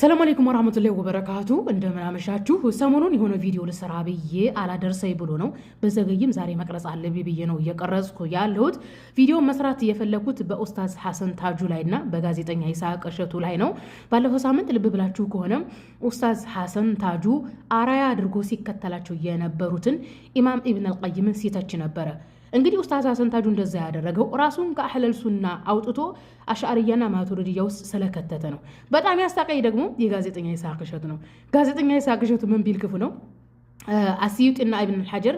ሰላም አለይኩም ወራህመቱላሂ ወበረካቱ። እንደምን አመሻችሁ። ሰሞኑን የሆነ ቪዲዮ ልሰራ ብዬ አላደርሰኝ ብሎ ነው በዘገይም ዛሬ መቅረጽ አለብኝ ብዬ ነው እየቀረጽኩ ያለሁት። ቪዲዮ መስራት የፈለኩት በኡስታዝ ሐሰን ታጁ ላይና በጋዜጠኛ ይስሐቅ እሸቱ ላይ ነው። ባለፈው ሳምንት ልብ ብላችሁ ከሆነ ኡስታዝ ሐሰን ታጁ አራያ አድርጎ ሲከተላቸው የነበሩትን ኢማም ኢብን አልቀይምን ሲተች ነበረ። እንግዲህ ኡስታዝ ሀሰን ታጁ እንደዛ ያደረገው ራሱን ከአህለል ሱና አውጥቶ አሻርያና ማቱሪድያ ውስጥ ስለከተተ ነው። በጣም ያስታቀይ ደግሞ የጋዜጠኛ ይስሐቅ እሸቱ ነው። ጋዜጠኛ ይስሐቅ እሸቱ ምን ቢል ክፉ ነው? አስዩጢና ኢብን ሐጀር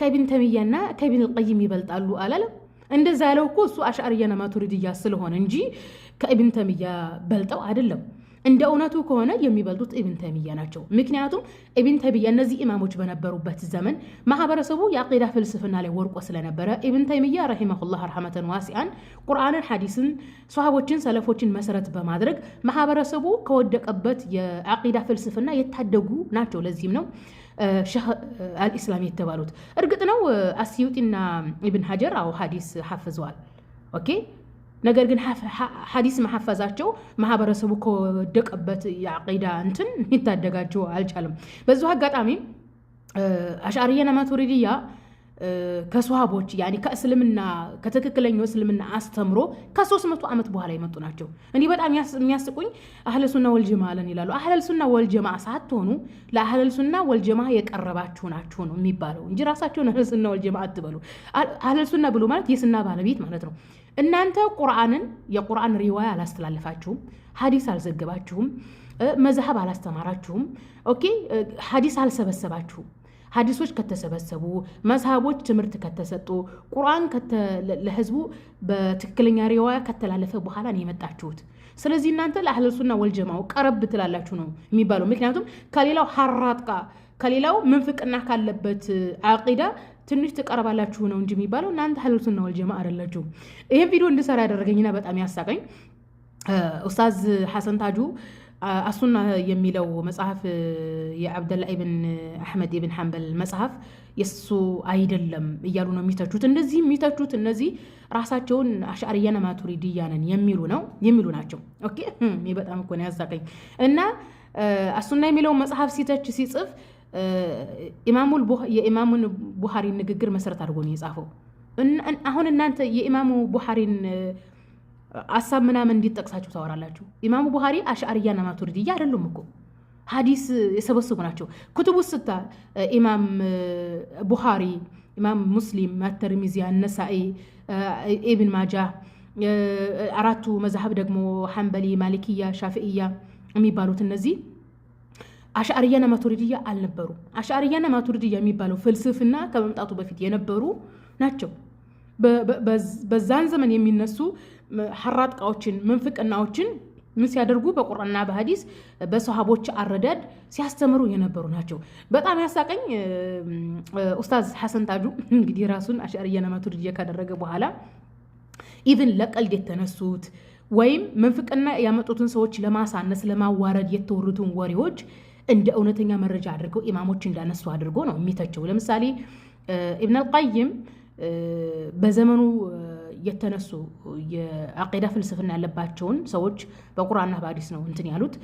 ከኢብን ተሚያና ከኢብን ልቀይም ይበልጣሉ አላለም። እንደዛ ያለው እኮ እሱ አሻርያና ማቱሪድያ ስለሆነ እንጂ ከኢብን ተሚያ በልጠው አይደለም። እንደ እውነቱ ከሆነ የሚበልጡት ኢብን ተይሚያ ናቸው። ምክንያቱም ኢብን ተይሚያ እነዚህ ኢማሞች በነበሩበት ዘመን ማህበረሰቡ የአቂዳ ፍልስፍና ላይ ወርቆ ስለነበረ ኢብን ተይሚያ ረሂመሁላህ ረሐመተን ዋሲአን ቁርአንን፣ ሐዲስን፣ ሰሃቦችን፣ ሰለፎችን መሰረት በማድረግ ማህበረሰቡ ከወደቀበት የአቂዳ ፍልስፍና የታደጉ ናቸው። ለዚህም ነው ሸህ አልኢስላም የተባሉት። እርግጥ ነው አስዩጢና ኢብን ሀጀር አው ሐዲስ ሐፍዘዋል ኦኬ ነገር ግን ሀዲስ መሐፈዛቸው ማህበረሰቡ ከወደቀበት የአቂዳ እንትን ይታደጋቸው አልቻለም። በዙ አጋጣሚ አሻርየና ማቱሪድያ ከሶሃቦች ያኔ ከእስልምና ከትክክለኛው እስልምና አስተምሮ ከሶስት መቶ ዓመት በኋላ የመጡ ናቸው። እንዲህ በጣም የሚያስቁኝ አህለልሱና ወልጀማ አለን ይላሉ። አህለልሱና ወልጀማ ሳትሆኑ ለአህለልሱና ወልጀማ የቀረባችሁ ናችሁ ነው የሚባለው እንጂ ራሳቸውን አህለልሱና ወልጀማ አትበሉ። አህለልሱና ብሎ ማለት የስና ባለቤት ማለት ነው። እናንተ ቁርአንን የቁርአን ሪዋያ አላስተላለፋችሁም፣ ሀዲስ አልዘገባችሁም፣ መዝሀብ አላስተማራችሁም። ኦኬ ሀዲስ አልሰበሰባችሁም። ሀዲሶች ከተሰበሰቡ መዝሀቦች ትምህርት ከተሰጡ ቁርአን ለህዝቡ በትክክለኛ ሪዋያ ከተላለፈ በኋላ ነው የመጣችሁት። ስለዚህ እናንተ ለአህለሱና ወልጀማው ቀረብ ትላላችሁ ነው የሚባለው። ምክንያቱም ከሌላው ሀራጥቃ ከሌላው ምንፍቅና ካለበት አቂዳ ትንሽ ትቀርባላችሁ ነው እንጂ የሚባለው እናንተ አህሉ ወልጀማ አደላችሁ። ጀማዓ ቪዲዮ እንድሰራ ያደረገኝና በጣም ያሳቀኝ ኡስታዝ ሐሰን ታጁ አሱና የሚለው መጽሐፍ የአብደላ ኢብን አሕመድ ኢብን ሐንበል መጽሐፍ የሱ አይደለም እያሉ ነው የሚተቹት። እንደዚህ የሚተቹት እነዚህ ራሳቸውን አሻርያነ ማቱሪድያ ነን የሚሉ ነው የሚሉ ናቸው። ኦኬ፣ በጣም እኮ ነው ያሳቀኝ እና አሱና የሚለው መጽሐፍ ሲተች ሲጽፍ የኢማሙን ቡሃሪን ንግግር መሰረት አድርጎ ነው የጻፈው። አሁን እናንተ የኢማሙ ቡሃሪን አሳብ ምናምን እንዲጠቅሳችሁ ታወራላችሁ። ኢማሙ ቡሃሪ አሽአርያና ማቱሪድያ አይደሉም እኮ ሀዲስ የሰበሰቡ ናቸው። ክቱቡ ስታ ኢማም ቡሃሪ፣ ኢማም ሙስሊም፣ አተርሚዚ፣ አነሳኢ፣ ኢብን ማጃ አራቱ መዛሀብ ደግሞ ሐንበሊ፣ ማሊክያ፣ ሻፍዕያ የሚባሉት እነዚህ አሻርያና ማቱሪድያ አልነበሩ አሻርያና ማቱሪድያ የሚባለው ፍልስፍና ከመምጣቱ በፊት የነበሩ ናቸው። በዛን ዘመን የሚነሱ ሐራጥቃዎችን ምንፍቅናዎችን ምን ሲያደርጉ በቁርአንና በሐዲስ በሰሃቦች አረዳድ ሲያስተምሩ የነበሩ ናቸው። በጣም ያሳቀኝ ኡስታዝ ሐሰን ታጁ እንግዲህ ራሱን አሻርያና ማቱሪድያ ካደረገ በኋላ ኢቭን ለቀልድ የተነሱት ወይም ምንፍቅና ያመጡትን ሰዎች ለማሳነስ ለማዋረድ የተወሩትን ወሬዎች እንደ እውነተኛ መረጃ አድርገው ኢማሞች እንዳነሱ አድርጎ ነው የሚተቸው። ለምሳሌ ኢብን አልቃይም በዘመኑ የተነሱ የአቂዳ ፍልስፍና ያለባቸውን ሰዎች በቁርአንና በአዲስ ነው እንትን ያሉት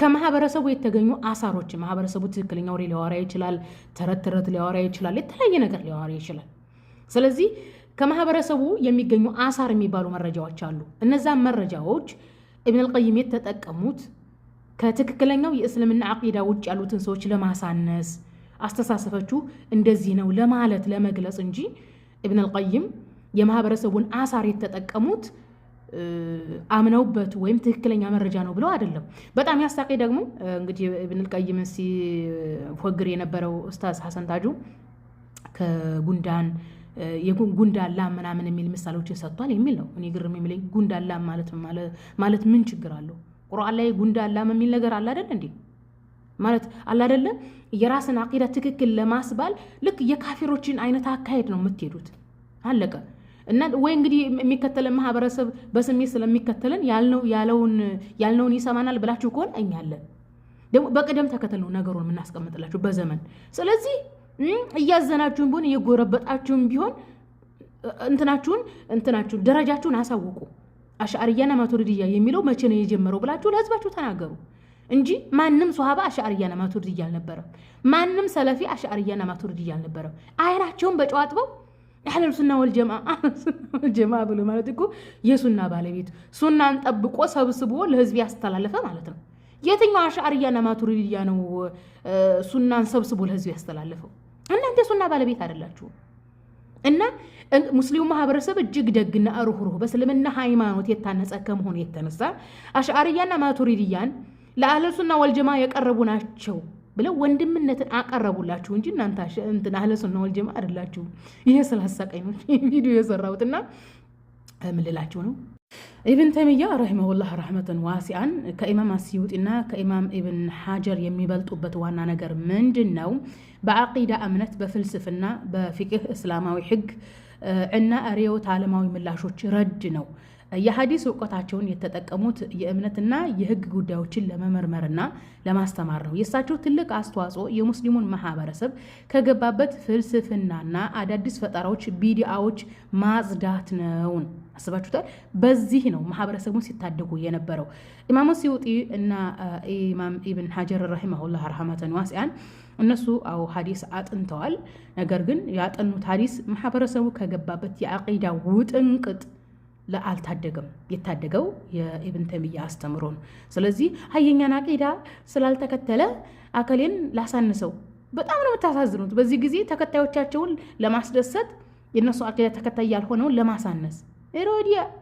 ከማህበረሰቡ የተገኙ አሳሮች ማህበረሰቡ ትክክለኛ ወሬ ሊያወራ ይችላል፣ ተረት ተረት ሊያወራ ይችላል፣ የተለያየ ነገር ሊያወራ ይችላል። ስለዚህ ከማህበረሰቡ የሚገኙ አሳር የሚባሉ መረጃዎች አሉ። እነዛን መረጃዎች ኢብን አልቀይም የተጠቀሙት ከትክክለኛው የእስልምና አቂዳ ውጭ ያሉትን ሰዎች ለማሳነስ አስተሳሰፈቹ እንደዚህ ነው ለማለት ለመግለጽ እንጂ እብን አልቀይም የማህበረሰቡን አሳር የተጠቀሙት አምነውበት ወይም ትክክለኛ መረጃ ነው ብለው አይደለም። በጣም ያሳቂ ደግሞ እንግዲህ ኢብን አልቀይም ሲፎግር የነበረው ኡስታዝ ሐሰን ታጁ ከጉንዳን የጉንዳን ላም ምናምን የሚል ምሳሌዎችን ሰጥቷል የሚል ነው። እኔ ግርም የሚለኝ ጉንዳን ላም ማለት ምን ችግር አለው? ቁርአን ላይ ጉንዳ አላም የሚል ነገር አለ አይደል እንዴ? ማለት አለ አይደለ? የራስን አቂዳ ትክክል ለማስባል ልክ የካፊሮችን አይነት አካሄድ ነው የምትሄዱት። አለቀ እና ወይ እንግዲህ የሚከተለን ማህበረሰብ በስሜት ስለሚከተለን ያልነውን ይሰማናል ብላችሁ ከሆነ እኛ አለን ደግሞ በቅደም ተከተል ነው ነገሩን የምናስቀምጥላችሁ በዘመን። ስለዚህ እያዘናችሁን ቢሆን እየጎረበጣችሁን ቢሆን እንትናችሁን እንትናችሁን ደረጃችሁን አሳውቁ። አሻዕርያ ና ማቱሪድያ የሚለው መቼ ነው የጀመረው ብላችሁ ለህዝባችሁ ተናገሩ እንጂ ማንም ሶሃባ አሻዕርያ ና ማቱሪድያ አልነበረም። ማንም ሰለፊ አሻዕርያ ና ማቱሪድያ አልነበረም። አይናቸውን በጨዋጥበው አጥበው አህለል ሱና ወልጀማ ጀማ ብሎ ማለት እኮ የሱና ባለቤት ሱናን ጠብቆ ሰብስቦ ለህዝብ ያስተላለፈ ማለት ነው። የትኛው አሻዕርያና ማቱሪድያ ነው ሱናን ሰብስቦ ለህዝብ ያስተላለፈው? እናንተ ሱና ባለቤት አይደላችሁም። እና ሙስሊሙ ማህበረሰብ እጅግ ደግና ሩህሩህ በእስልምና ሃይማኖት የታነጸ ከመሆኑ የተነሳ አሽአርያና ማቱሪድያን ለአህለሱና ወልጀማ የቀረቡ ናቸው ብለው ወንድምነትን አቀረቡላችሁ እንጂ እናንተ እንትን አህለሱና ወልጀማ አይደላችሁ። ይሄ ስላሳቀኝ ነው ቪዲዮ የሰራሁትና ምልላችሁ ነው። ኢብን ተይሚያ ረሂመሁላህ ረህመትን ዋሲአን ከኢማም አስዩጢና ከኢማም ኢብን ሓጀር የሚበልጡበት ዋና ነገር ምንድን ነው? በአቂዳ እምነት፣ በፍልስፍና፣ በፊቅህ እስላማዊ ሕግ እና ርዕዮተ ዓለማዊ ምላሾች ረድ ነው። የሀዲስ እውቀታቸውን የተጠቀሙት የእምነትና የህግ ጉዳዮችን ለመመርመርና ለማስተማር ነው። የእሳቸው ትልቅ አስተዋጽኦ የሙስሊሙን ማህበረሰብ ከገባበት ፍልስፍናና አዳዲስ ፈጠራዎች፣ ቢዲአዎች ማጽዳት ነው። አስባችሁታል። በዚህ ነው ማህበረሰቡን ሲታደጉ የነበረው። ኢማሙ ሲውጢ እና ኢማም ኢብን ሀጀር ረሂመሁላህ አርሃማተን ዋሲያን እነሱ አው ሀዲስ አጥንተዋል። ነገር ግን ያጠኑት ሀዲስ ማህበረሰቡ ከገባበት የአቂዳ ውጥንቅጥ አልታደገም። የታደገው የኢብን ተሚያ አስተምሮ ነው። ስለዚህ ሀየኛን አቂዳ ስላልተከተለ አከሌን ላሳንሰው በጣም ነው የምታሳዝኑት። በዚህ ጊዜ ተከታዮቻቸውን ለማስደሰት የእነሱ አቂዳ ተከታይ ያልሆነውን ለማሳነስ Erroria